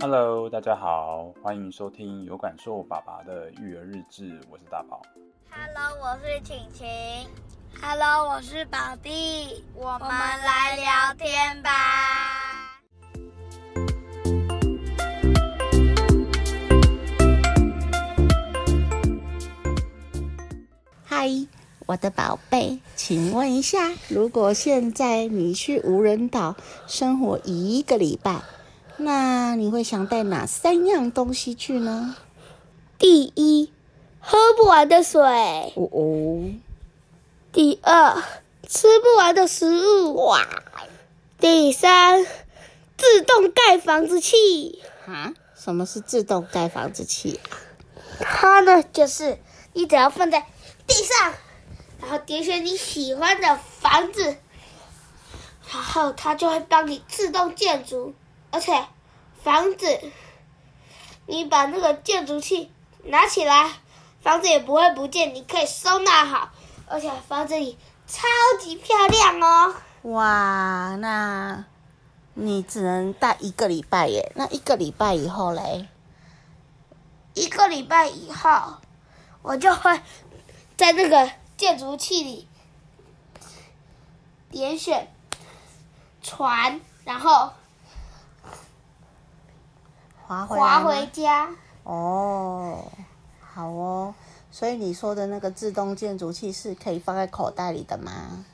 Hello，大家好，歡迎收聽有感授把拔的育兒日誌，我是大寶。Hello，我是晴晴。Hello，我是寶弟，我們來聊天吧。Hi，我的寶貝，請問一下，如果現在你去無人島生活一個禮拜，那你會想帶哪三樣東西去呢？第一，喝不完的水。哦哦。第二，吃不完的食物。哇。第三，自動蓋房子器。啊？什麼是自動蓋房子器？它呢，就是你只要放在地上，然後點選你喜歡的房子，然後它就會幫你自動建築，而且。房子，你把那個建築器拿起來，房子也不會不見，你可以收納好，而且房子裡超級漂亮哦。哇，那你只能待一個禮拜耶？那一個禮拜以後嘞？一個禮拜以後，我就會在那個建築器裡點選船，然後。滑回,滑回家哦，好哦。所以你說的那個自動建築器是可以放在口袋裡的嗎？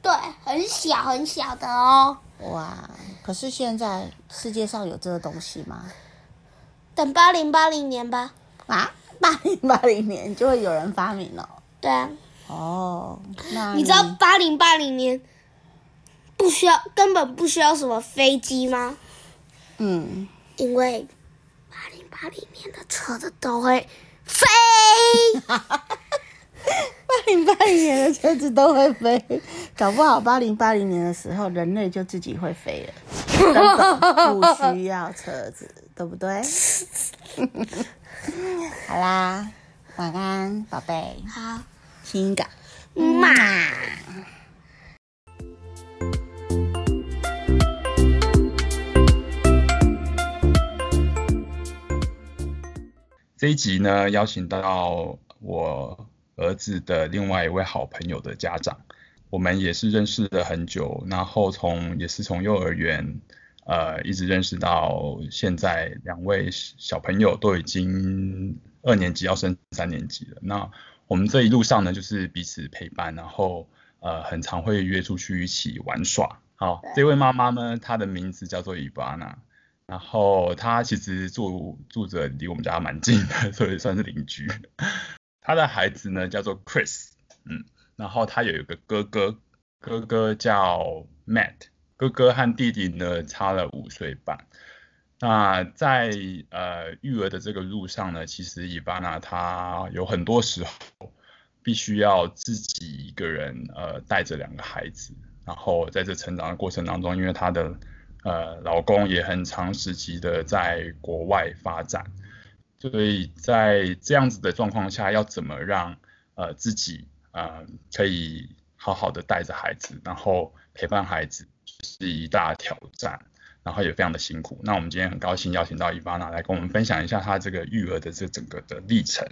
對，很小很小的哦。哇！可是現在世界上有這個東西嗎？等八零八零年吧。啊，八零八零年就會有人發明了。對啊。哦，那你,你知道八零八零年不需要，根本不需要什麼飛機嗎？嗯。因為八零八零年的車子都會飛，八零八零年的車子都會飛，搞不好八零八零年的時候人類就自己會飛了，根本不需要車子， 對不對？ 好啦，晚安，寶貝，好，親一個，媽。這一集呢，邀請到我兒子的另外一位好朋友的家長，我們也是認識了很久，然後從也是從幼兒園，呃，一直認識到現在，兩位小朋友都已經二年級要升三年級了。那我們這一路上呢，就是彼此陪伴，然後呃，很常會約出去一起玩耍。好，這位媽媽呢，她的名字叫做 Ivana。然後他其實住住着離我們家蠻近的，所以算是鄰居。他的孩子呢，叫做 Chris，嗯，然後他有一個哥哥，哥哥叫 Matt，哥哥和弟弟呢，差了五歲半。那在呃育兒的這個路上呢，其實 Ivana 他有很多時候必須要自己一個人呃帶着兩個孩子，然後在這成長的過程當中，因為他的。呃，老公也很長時期的在國外發展，所以在這樣子的狀況下，要怎麼讓呃自己呃可以好好的帶着孩子，然後陪伴孩子是一大挑戰，然後也非常的辛苦。那我們今天很高興邀請到 Ivana 來跟我們分享一下她這個育兒的這整個的歷程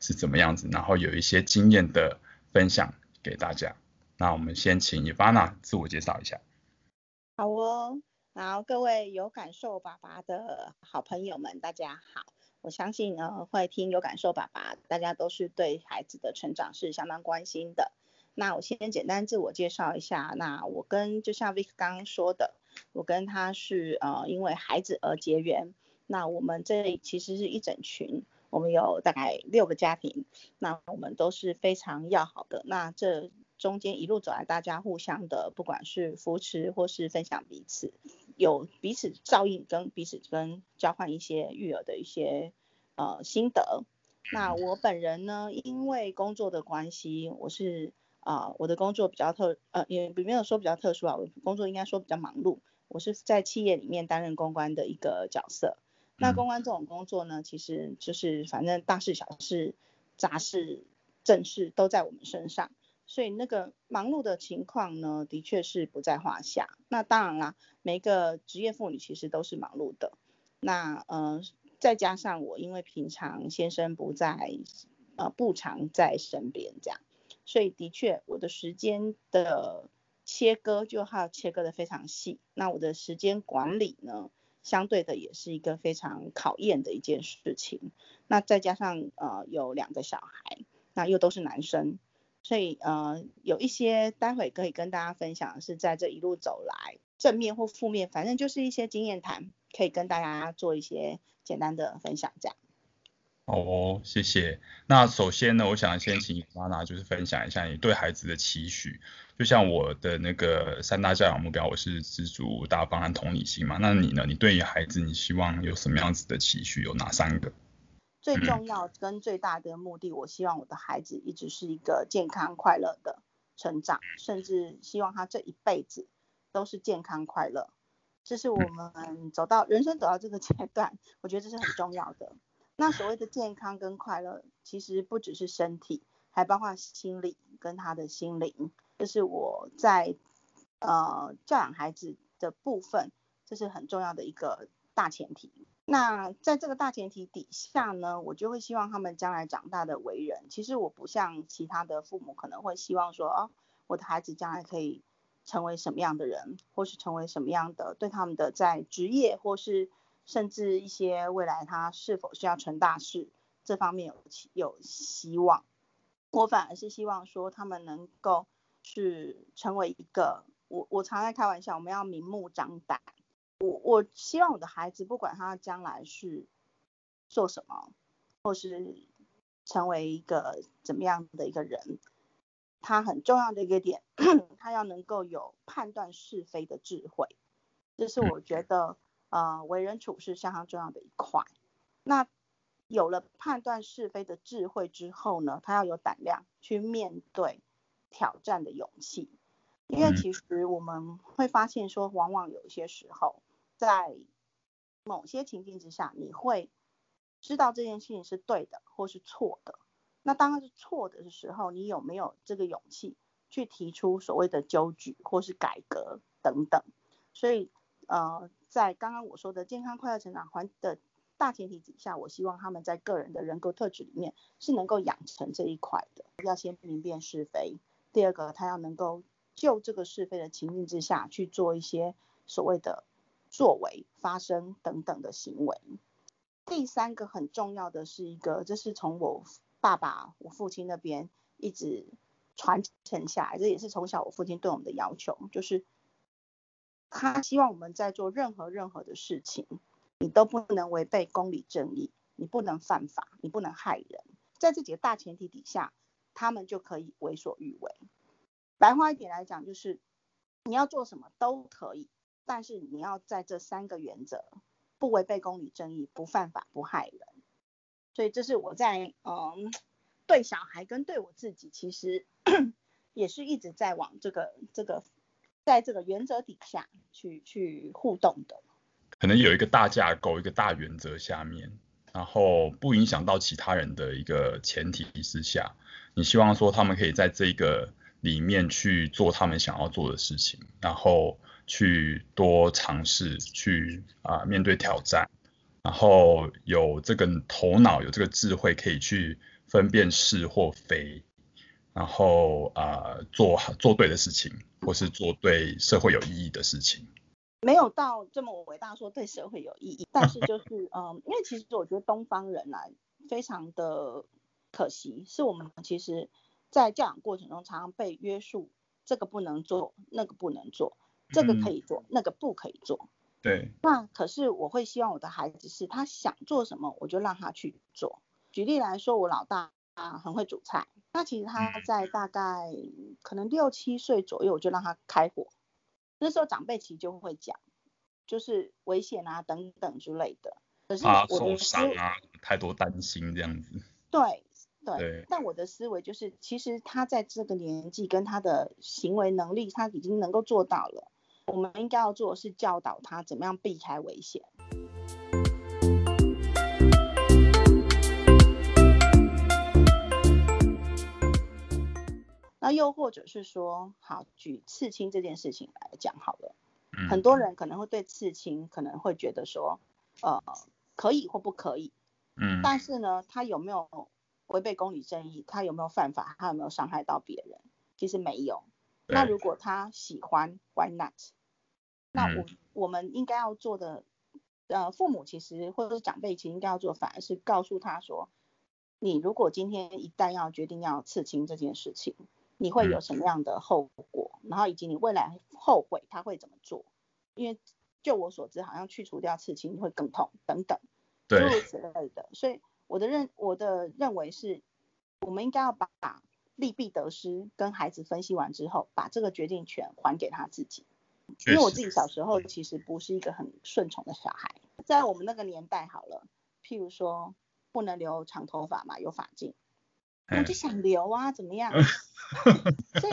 是怎麼樣子，然後有一些經驗的分享給大家。那我們先請 Ivana 自我介紹一下。好哦。好，各位有感授把拔的好朋友們，大家好。我相信呃，會聽有感授把拔，大家都是對孩子的成長是相當關心的。那我先簡單自我介紹一下，那我跟就像 Vick 剛剛說的，我跟他是呃因為孩子而結緣。那我們這裡其實是一整群，我們有大概六個家庭，那我們都是非常要好的。那這。中間一路走來，大家互相的，不管是扶持或是分享彼此，有彼此照應，跟彼此跟交換一些育兒的一些呃心得。那我本人呢，因為工作的關係，我是啊、呃、我的工作比較特呃也沒有說比較特殊啊，我的工作應該說比較忙碌。我是在企業裡面擔任公關的一個角色。那公關這種工作呢，其實就是反正大事小事、雜事、正事都在我們身上。所以那個忙碌的情況呢，的確是不在話下。那當然啦，每個職業婦女其實都是忙碌的。那呃，再加上我，因為平常先生不在，呃，不常在身邊，這樣，所以的確我的時間的切割就好切割的非常細。那我的時間管理呢，相對的也是一個非常考驗的一件事情。那再加上呃有兩個小孩，那又都是男生。所以呃，有一些待會可以跟大家分享的是在這一路走來，正面或負面，反正就是一些經驗談，可以跟大家做一些簡單的分享這樣。哦，謝謝。那首先呢，我想先請 Ivana 媽媽，就是分享一下你對孩子的期許。就像我的那個三大教養目標，我是知足、大方和同理心嘛，那你呢？你對於孩子，你希望有什麼樣子的期許？有哪三個？最重要跟最大的目的，我希望我的孩子一直是一個健康快樂的成長，甚至希望他這一輩子都是健康快樂。這是我們走到人生走到這個階段，我覺得這是很重要的。那所謂的健康跟快樂，其實不只是身體，還包括心理跟他的心靈。這是我在呃教養孩子的部分，這是很重要的一個大前提。那在這個大前提底下呢，我就會希望他們將來長大的為人。其實我不像其他的父母可能會希望說，哦，我的孩子將來可以成為什麼樣的人，或是成為什麼樣的，對他們的在職業或是甚至一些未來他是否是要成大事這方面有希有希望。我反而是希望說他們能夠是成為一個，我我常常在開玩笑，我們要明目張膽。我我希望我的孩子，不管他將來是做什麼，或是成為一個怎麼樣的一個人，他很重要的一個點，他要能夠有判斷是非的智慧，這是我覺得呃為人處事相當重要的一塊。那有了判斷是非的智慧之後呢，他要有膽量去面對挑戰的勇氣，因為其實我們會發現說，往往有一些時候。在某些情境之下，你會知道這件事情是對的或是錯的。那當然是錯的時候，你有沒有這個勇氣去提出所謂的糾舉或是改革等等？所以，呃，在剛剛我說的健康快樂成長環的大前提底下，我希望他們在個人的人格特質裡面是能夠養成這一塊的。要先明辨是非，第二個，他要能夠就這個是非的情境之下去做一些所謂的。作為發生等等的行為，第三個很重要的是一個，這是從我爸爸、我父親那邊一直傳承下來。這也是從小我父親對我們的要求，就是他希望我們在做任何任何的事情，你都不能違背公理正義，你不能犯法，你不能害人。在這幾個大前提底下，他們就可以為所欲為。白話一點來講，就是你要做什麼都可以，但是你要在這三個原則：不違背公理正義、不犯法、不害人。所以這是我在嗯，對小孩跟對我自己，其實也是一直在往這個這個，在這個原則底下去去互動的。可能有一個大架構、一個大原則下面，然後不影響到其他人的一個前提之下，你希望說他們可以在這個裡面去做他們想要做的事情，然後。去多嘗試，去啊、呃、面對挑戰，然後有這個頭腦，有這個智慧，可以去分辨是或非，然後啊、呃、做做對的事情，或是做對社會有意義的事情。沒有到這麼偉大說對社會有意義，但是就是嗯、 呃，因為其實我覺得東方人來、啊、非常的可惜，是我們其實在教養過程中常常被約束，這個不能做，那個不能做。這個可以做，嗯、那個不可以做。對。那可是我會希望我的孩子是他想做什麼，我就讓他去做。舉例來說，我老大很會煮菜，那其實他在大概可能六七歲左右，我就讓他開火。嗯、那時候長輩其實就會講，就是危險啊等等之類的。就是他受傷啊，太多擔心這樣子。對對。對對但我的思維就是，其實他在這個年紀跟他的行為能力，他已經能夠做到了。我們應該要做的是教導他怎麼樣避開危險。那又或者是說，好，舉刺青這件事情來講好了，很多人可能會對刺青可能會覺得說，呃，可以或不可以。但是呢，他有沒有違背公理正義？他有沒有犯法？他有沒有傷害到別人？其實沒有。那如果他喜歡，Why not？那我我們應該要做的，呃，父母其實或者是長輩其實應該要做，反而是告訴他說，你如果今天一旦要決定要刺青這件事情，你會有什麼樣的後果？嗯，然後以及你未來後悔他會怎麼做？因為就我所知，好像去除掉刺青你會更痛等等對，諸如此類的。所以我的認我的認為是，我們應該要把利弊得失跟孩子分析完之後，把這個決定權還給他自己。因為我自己小時候其實不是一個很順從的小孩，在我們那個年代好了，譬如說不能留長頭髮嘛，有髮禁，我就想留啊，怎麼樣？ 所以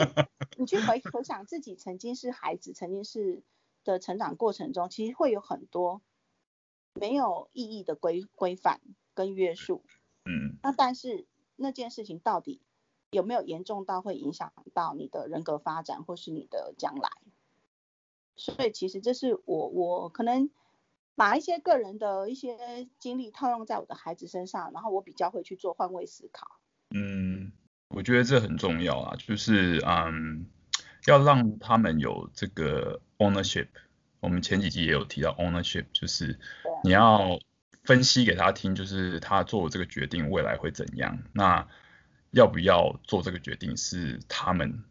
你去回回想自己曾經是孩子，曾經是的成長過程中，其實會有很多沒有意義的規規範跟約束。嗯，那但是那件事情到底有沒有嚴重到會影響到你的人格發展或是你的將來？所以其實這是我我可能把一些個人的一些經歷套用在我的孩子身上，然後我比較會去做換位思考。嗯，我覺得這很重要啊，就是嗯，要讓他們有這個 ownership。我們前幾集也有提到 ownership，就是你要分析給他聽，就是他做這個決定未來會怎樣。那要不要做這個決定是他們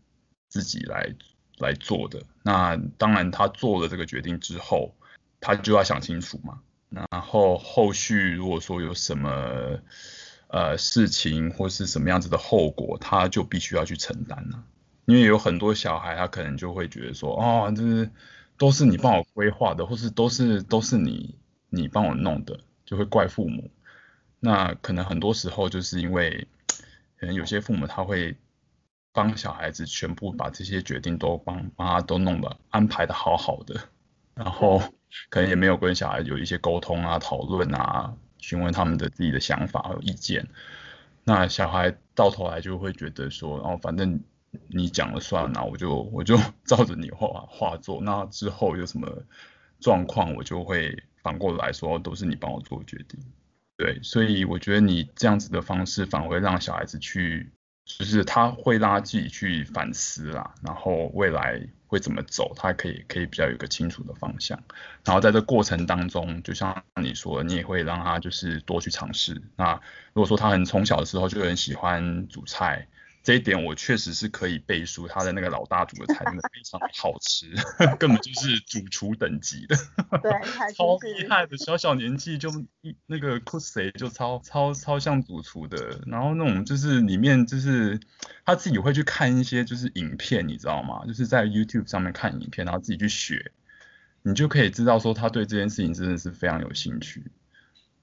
自己來。來做的，那當然他做了這個決定之後，他就要想清楚嘛。然後後續如果說有什麼呃事情或是什麼樣子的後果，他就必須要去承擔了啊。因為有很多小孩他可能就會覺得說，哦，就是都是你幫我規劃的，或是都是都是你你幫我弄的，就會怪父母。那可能很多時候就是因為，可能有些父母他會。幫小孩子全部把這些決定都幫幫他都弄了，安排的好好的，然後可能也沒有跟小孩有一些溝通啊、討論啊、詢問他們的自己的想法和意見。那小孩到頭來就會覺得說，哦，反正你講了算啊，那我就我就照着你畫畫做。那之後有什麼狀況，我就會反過來說都是你幫我做決定。對，所以我覺得你這樣子的方式反而會讓小孩子去。就是他會讓他自己去反思啦，然後未來會怎麼走，他可以可以比較有個清楚的方向。然後在這過程當中，就像你說的，你也會讓他就是多去嘗試。那如果說他很從小的時候就很喜歡煮菜。這一點我確實是可以背書，他的那個老大煮的菜真的非常好吃， 根本就是主廚等級的。對， 超厲害的，小小年紀就那個 cos 就超超超像主廚的。然後那種就是裡面就是他自己會去看一些就是影片，你知道嗎？就是在 YouTube 上面看影片，然後自己去學，你就可以知道說他對這件事情真的是非常有興趣。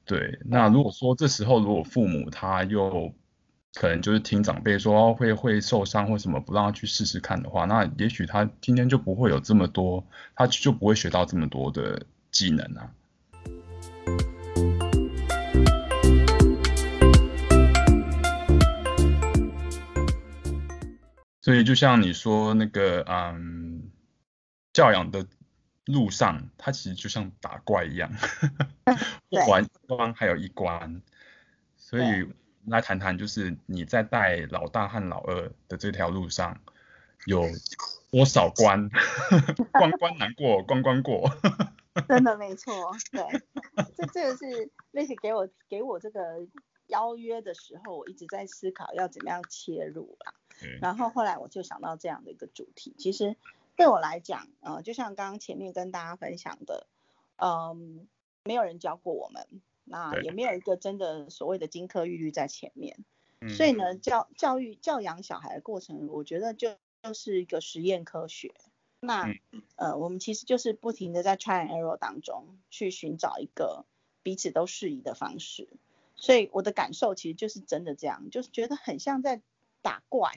對，那如果說這時候如果父母他又可能就是聽長輩說會會受傷或什麼，不讓他去試試看的話，那也許他今天就不會有這麼多，他就不會學到這麼多的技能啊。 所以就像你說那個，嗯，教養的路上，它其實就像打怪一樣，過 完 對 一關還有一關，所以。對 來談談，就是你在帶老大和老二的這條路上有多少關？關關難過，關關過。 真的沒錯，對，這這個是那雪給我給我這個邀約的時候，我一直在思考要怎麼樣切入啦。對然後後來我就想到這樣的一個主題，其實對我來講，呃，就像剛剛前面跟大家分享的，嗯，沒有人教過我們。那也沒有一個真的所謂的金科玉律在前面，嗯、所以呢，教教育教養小孩的過程，我覺得就就是一個實驗科學。那、嗯、呃，我們其實就是不停的在 try and error 當中去尋找一個彼此都適宜的方式。所以我的感受其實就是真的這樣，就是覺得很像在打怪。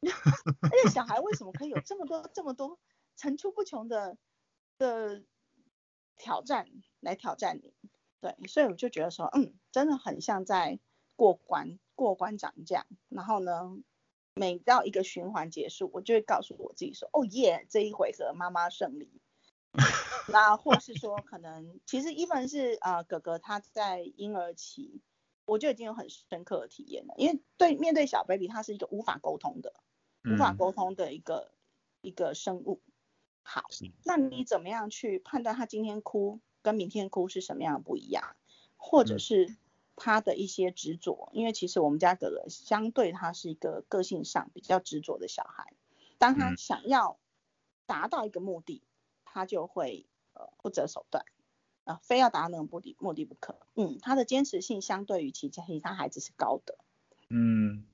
那 那小孩為什麼可以有這麼多這麼多層出不窮的的挑戰來挑戰你？對，所以我就覺得說，嗯，真的很像在過關，過關斬將。然後呢，每到一個循環結束，我就會告訴我自己說，哦耶，這一回合媽媽勝利。 那或是說，可能其實一凡是啊、呃，哥哥他在嬰兒期，我就已經有很深刻的體驗了，因為對，面對小 baby，他是一個無法溝通的，無法溝通的一個、嗯、一個生物。好，是那你怎麼樣去判斷他今天哭？跟明天哭是什麼樣的不一樣，或者是他的一些執着，嗯、因為其實我們家哥哥相對他是一個個性上比較執着的小孩，當他想要達到一個目的，他就會呃不擇手段啊、呃，非要達到那個目的，目的不可。嗯，他的堅持性相對於其他其他孩子是高的。嗯，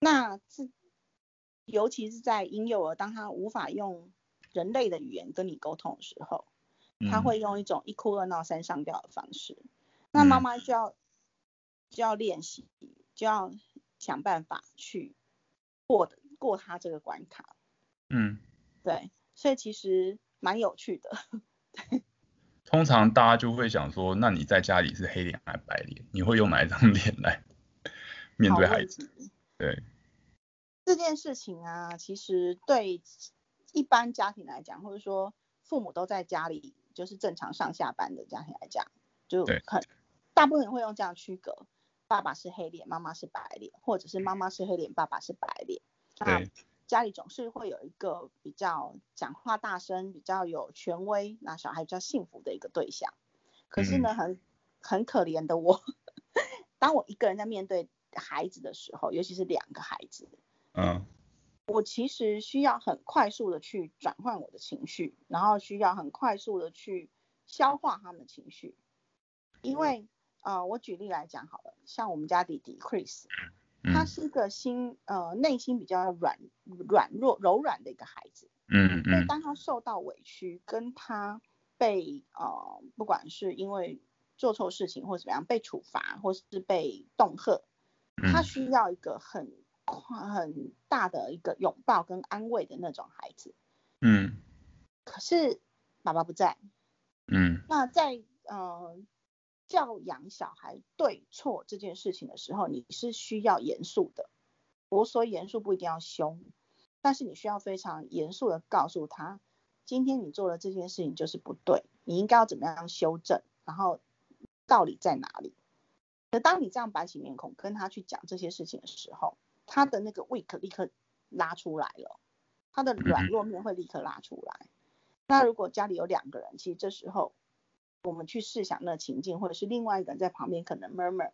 那是尤其是在嬰幼兒，當他無法用人類的語言跟你溝通的時候，他會用一種一哭二鬧三上吊的方式，嗯、那媽媽就要就要練習，就要想辦法去過過他這個關卡。嗯，對，所以其實蠻有趣的。對，通常大家就會想說，那你在家裡是黑臉還是白臉？你會用哪一張臉來面對孩子？對，這件事情啊，其實對一般家庭來講，或者說父母都在家裡。就是正常上下班的家庭來講，就很對大部分人會用這樣區隔，爸爸是黑臉，媽媽是白臉，或者是媽媽是黑臉，爸爸是白臉。對那家裡總是會有一個比較講話大聲、比較有權威，那小孩比較幸福的一個對象。可是呢，很很可憐的我，嗯、 當我一個人在面對孩子的時候，尤其是兩個孩子。嗯、哦。我其實需要很快速的去轉換我的情緒，然後需要很快速的去消化他們的情緒。因為啊、呃，我舉例來講好了，像我們家弟弟 Chris，他是一個心呃內心比較軟軟弱、柔軟的一個孩子。嗯嗯。所以當他受到委屈，跟他被呃不管是因為做錯事情或是怎麼樣被處罰，或是被恫嚇，他需要一個很。很大的一個擁抱跟安慰的那種孩子，嗯，可是爸爸不在，嗯，那在、呃、教養小孩對錯這件事情的時候，你是需要嚴肅的。我說嚴肅不一定要凶，但是你需要非常嚴肅的告訴他，今天你做的這件事情就是不對，你應該要怎麼樣修正，然後道理在哪裡。可當你這樣擺起面孔跟他去講這些事情的時候，他的那個 weak 立刻拉出來了，哦，他的軟弱面會立刻拉出來。嗯、那如果家裡有兩個人，其實這時候我們去試想那情境，或者是另外一個人在旁邊可能 murmur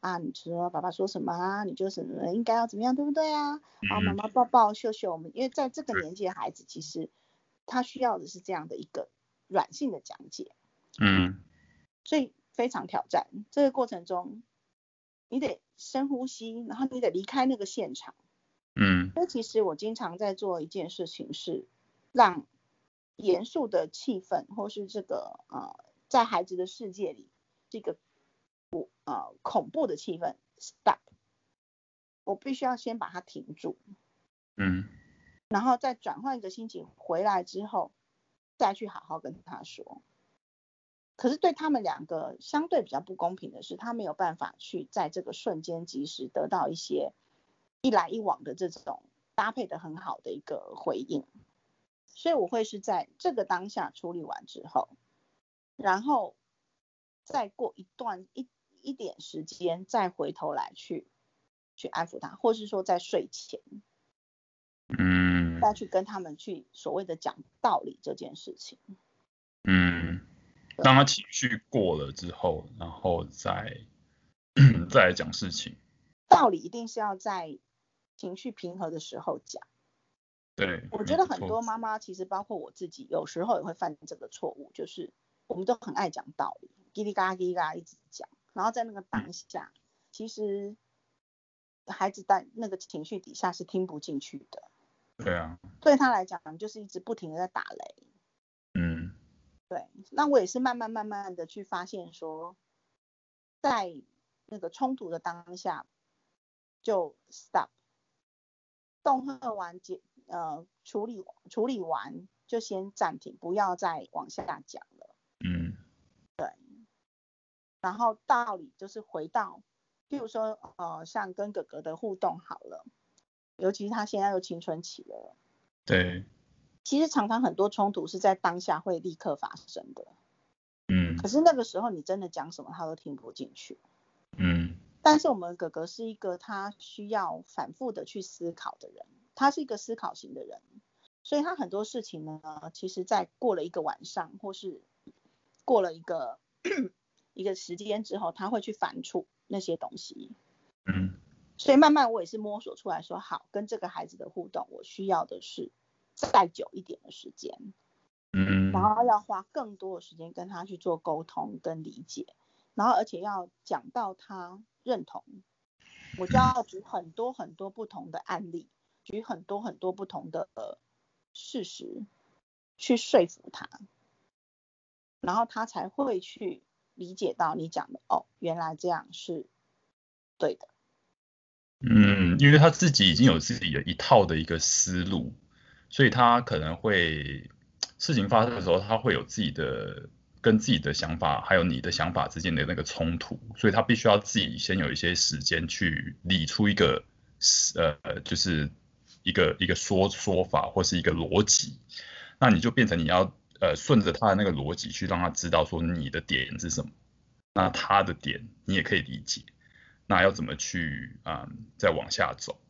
啊，你說爸爸說什麼啊？你就是應該要怎麼樣，對不對啊？然後媽媽抱抱秀秀，我們因為在這個年紀的孩子，其實他需要的是這樣的一個軟性的講解。嗯，所以非常挑戰這個過程中。你得深呼吸，然後你得離開那個現場。嗯。那其實我經常在做一件事情，是讓嚴肅的氣氛，或是這個呃，在孩子的世界裡這個恐呃恐怖的氣氛 stop。我必須要先把它停住。嗯。然後再轉換一個心情回來之後，再去好好跟他說。可是對他們兩個相對比較不公平的是，他沒有辦法去在這個瞬間及時得到一些一來一往的這種搭配的很好的一個回應，所以我會是在這個當下處理完之後，然後再過一段一一點時間再回頭來去去安撫他，或是說在睡前，嗯，再去跟他們去所謂的講道理這件事情。當他情緒過了之後，然後再再來講事情，道理一定是要在情緒平和的時候講。對，我覺得很多媽媽其實包括我自己，有時候也會犯這個錯誤，沒錯。就是我們都很愛講道理，嘰哩嘎啦嘰哩嘎啦一直講，然後在那個當下，嗯、其實孩子在那個情緒底下是聽不進去的。對啊，對他來講就是一直不停的在打雷。對，那我也是慢慢慢慢的去發現說，說在那個衝突的當下就 stop，動核完結，呃，處理處理完就先暫停，不要再往下講了。嗯，對。然後道理就是回到，譬如說，呃，像跟哥哥的互動好了，尤其是他現在又青春期了。對。其實常常很多衝突是在當下會立刻發生的，嗯，可是那個時候你真的講什麼他都聽不進去，嗯，但是我們哥哥是一個他需要反覆的去思考的人，他是一個思考型的人，所以他很多事情呢，其實，在過了一個晚上或是過了一個 一個時間之後，他會去反芻那些東西，嗯，所以慢慢我也是摸索出來說，好，跟這個孩子的互動，我需要的是再久一點的時間，嗯，然後要花更多的時間跟他去做溝通跟理解，然後而且要講到他認同，我就要舉很多很多不同的案例，舉很多很多不同的事實去說服他，然後他才會去理解到你講的哦，原來這樣是對的。嗯，因為他自己已經有自己的一套的一個思路。所以他可能會事情發生的時候，他會有自己的跟自己的想法，還有你的想法之間的那個衝突，所以他必須要自己先有一些時間去理出一個，呃，就是一個一個說說法或是一個邏輯，那你就變成你要呃順着他的那個邏輯去讓他知道說你的點是什麼，那他的點你也可以理解，那要怎麼去啊，嗯，再往下走。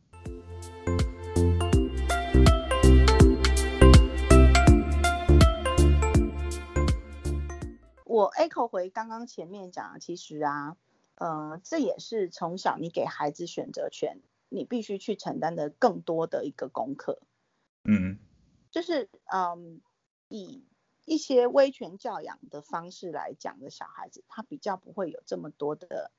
我 echo 回剛剛前面講，其實啊，呃，這也是從小你給孩子選擇權，你必須去承擔的更多的一個功課。嗯、mm。Hmm. 就是，嗯，以一些威權教養的方式來講的小孩子，他比較不會有這麼多的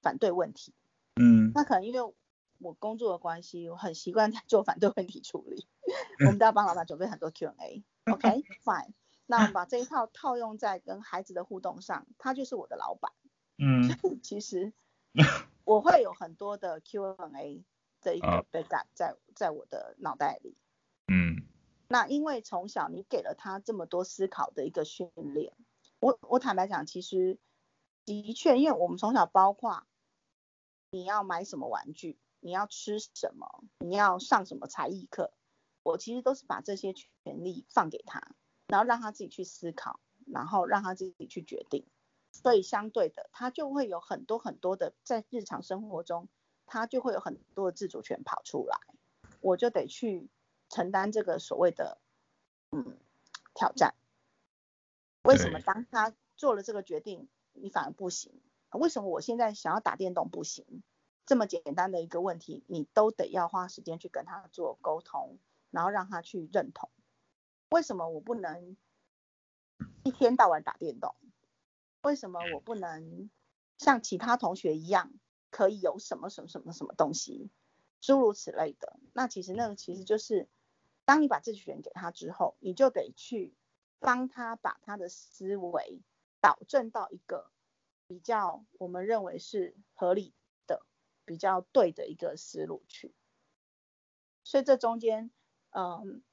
反對問題。嗯、mm。Hmm. 那可能因為我工作的關係，我很習慣在做反對問題處理。 我們都要幫老闆準備很多 Q&A。OK，Fine。Okay? Fine. 那我們把這一套套用在跟孩子的互動上，他就是我的老板。嗯， 其實我會有很多的 Q&A 的一個背在在我的腦袋裡。哦、嗯，那因為從小你給了他這麼多思考的一個訓練，我我坦白講，其實的確，因為我們從小包括你要買什麼玩具，你要吃什麼，你要上什麼才藝課，我其實都是把這些權利放給他。然後讓他自己去思考，然後讓他自己去決定。所以相對的，他就會有很多很多的在日常生活中，他就會有很多的自主權跑出來。我就得去承擔這個所謂的嗯挑戰。為什麼當他做了這個決定，你反而不行？為什麼我現在想要打電動不行？這麼簡單的一個問題，你都得要花時間去跟他做溝通，然後讓他去認同。為什麼我不能一天到晚打電動？為什麼我不能像其他同學一樣，可以有什麼什麼什麼什麼東西，諸如此類的。那其實那個其實就是，當你把自己選給他之後，你就得去幫他把他的思維導正到一個比較我們認為是合理的、比較對的一個思路去。所以這中間，嗯。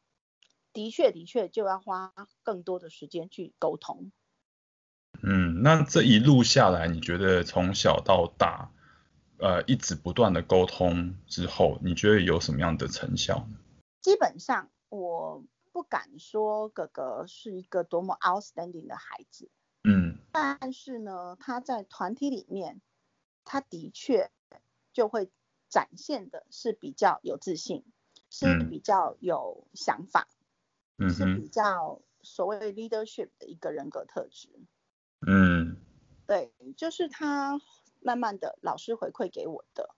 的確，的確就要花更多的時間去溝通。嗯，那這一路下來，你覺得從小到大，呃，一直不斷的溝通之後，你覺得有什麼樣的成效？基本上，我不敢說哥哥是一個多麼 outstanding 的孩子。嗯。但是呢，他在團體裡面，他的確就會展現的是比較有自信，是比較有想法。嗯。是比較所謂 leadership 的一個人格特質。嗯，對，就是他慢慢的老師回饋給我的，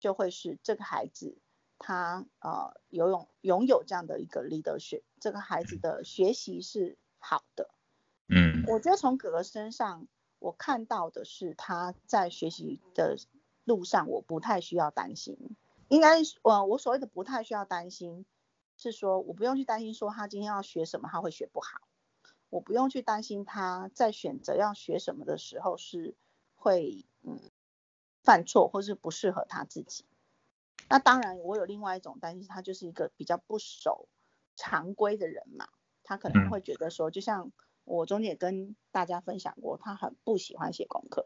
就會是這個孩子他，呃，有擁擁有這樣的一個 leadership，這個孩子的學習是好的。嗯，我覺得從哥哥身上我看到的，是他在學習的路上我不太需要擔心，應該呃，我所謂的不太需要擔心，是說，我不用去擔心說他今天要學什麼，他會學不好，我不用去擔心他在選擇要學什麼的時候是會嗯犯錯或是不適合他自己。那當然，我有另外一種擔心，他就是一個比較不守常規的人嘛，他可能會覺得說，就像我中間也跟大家分享過，他很不喜歡寫功課，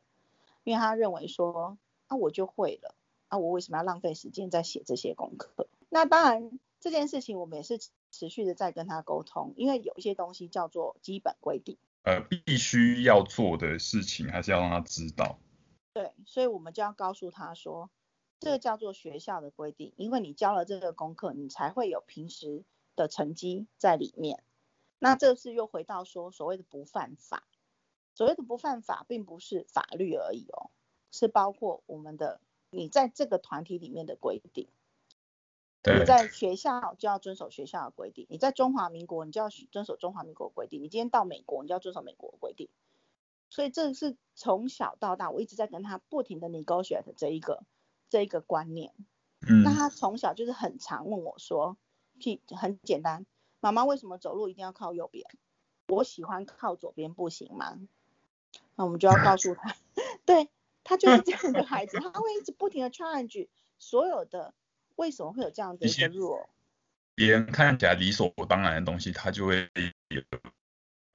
因為他認為說，啊我就會了，啊我為什麼要浪費時間在寫這些功課？那當然。這件事情我們也是持續的在跟他溝通，因為有一些東西叫做基本規定，呃，必須要做的事情還是要讓他知道。對，所以我們就要告訴他說，這個叫做學校的規定，因為你交了這個功課，你才會有平時的成績在裡面。那這次又回到說所謂的不犯法，所謂的不犯法並不是法律而已哦，是包括我們的你在這個團體裡面的規定。你在學校就要遵守學校的規定，對你在中華民國你就要遵守中華民國的規定，你今天到美國你就要遵守美國的規定，所以這是從小到大我一直在跟他不停的 negotiate 這一個這一個觀念。嗯。那他從小就是很常問我說，屁很簡單，媽媽，為什麼走路一定要靠右邊？我喜歡靠左邊不行嗎？那我們就要告訴他， 對，他就是這樣的孩子，他會一直不停的 challenge 所有的。為什麼會有這樣的一些弱？別人看起來理所當然的東西，他就會有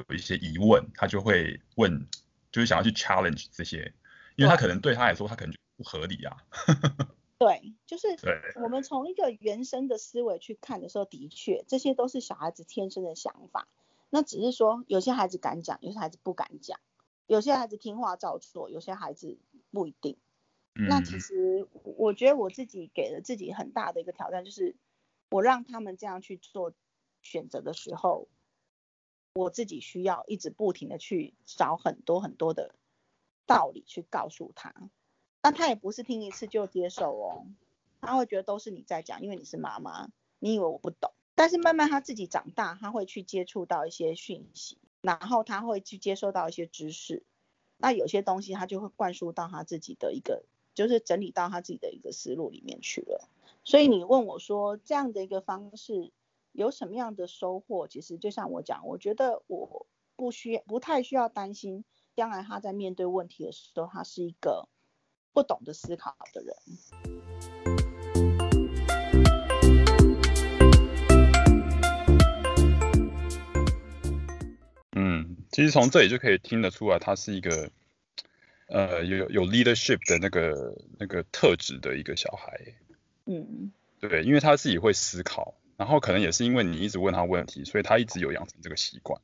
有一些疑問，他就會問，就是想要去 challenge 這些，因為他可能對他來說，他可能就不合理啊。 對，就是，我們從一個原生的思維去看的時候，的確，這些都是小孩子天生的想法。那只是說，有些孩子敢講，有些孩子不敢講，有些孩子聽話照做，有些孩子不一定。那其實我覺得我自己給了自己很大的一個挑戰，就是我讓他們這樣去做選擇的時候，我自己需要一直不停的去找很多很多的道理去告訴他，那他也不是聽一次就接受哦，他會覺得都是你在講，因為你是媽媽，你以為我不懂，但是慢慢他自己長大，他會去接觸到一些訊息，然後他會去接受到一些知識，那有些東西他就會灌輸到他自己的一個。就是整理到他自己的一個思路裡面去了，所以你問我說這樣的一個方式有什麼樣的收穫？其實就像我講，我覺得我不需要不太需要擔心，將來他在面對問題的時候，他是一個不懂得思考的人。嗯，其實從這裡就可以聽得出來，他是一個。呃，有有 leadership 的那個那個特質的一個小孩，欸，嗯，對，因為他自己會思考，然後可能也是因為你一直問他問題，所以他一直有養成這個習慣，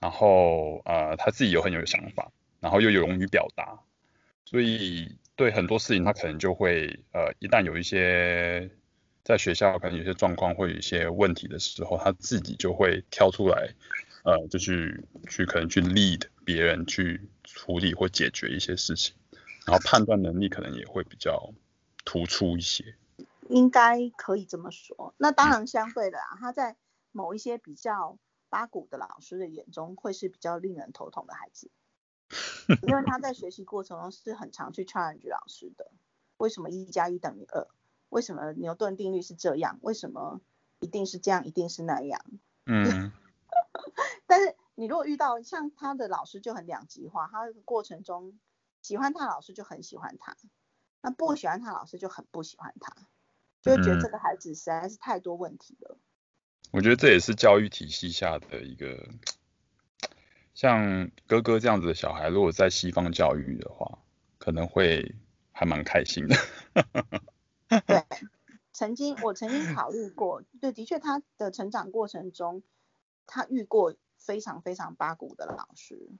然後呃他自己有很有想法，然後又有勇於表達，所以對很多事情他可能就會呃一旦有一些在學校可能有些狀況或有一些問題的時候，他自己就會跳出來。呃，就是去，去可能去 lead 別人去處理或解決一些事情，然後判斷能力可能也會比較突出一些。應該可以這麼說。那當然相對的啊，嗯，他在某一些比較八股的老師的眼中，會是比較令人頭痛的孩子， 因為他在學習過程中是很常去 challenge 老師的。為什麼一加一等於二？2？為什麼牛頓定律是這樣？為什麼一定是這樣，一定是那樣？嗯。 但是你如果遇到像他的老師就很兩極化，他這個過程中喜歡他老師就很喜歡他，那不喜歡他老師就很不喜歡他，就會覺得這個孩子實在是太多問題了。嗯。我覺得這也是教育體系下的一個，像哥哥這樣子的小孩，如果在西方教育的話，可能會還蠻開心的。 對，曾經我曾經考慮過，就的確他的成長過程中。他遇過非常非常八股的老師，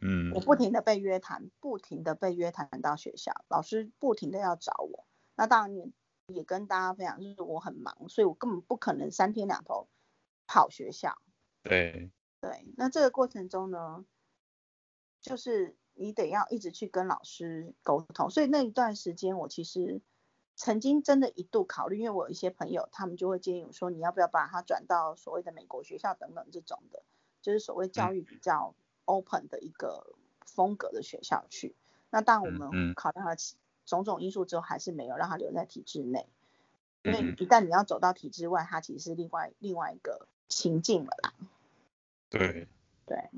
嗯，我不停的被約談，不停的被約談到學校，老師不停的要找我。那當然也也跟大家分享，就是我很忙，所以我根本不可能三天兩頭跑學校。對對，那這個過程中呢，就是你得要一直去跟老師溝通，所以那一段時間我其實。曾經真的一度考慮，因為我有一些朋友，他們就會建議我說，你要不要把他轉到所謂的美國學校等等這種的，就是所謂教育比較 open 的一個風格的學校去。那當然我們考量了種種因素之後，還是沒有讓他留在體制內，因為一旦你要走到體制外，它其實是另外另外一個情境了啦。對對。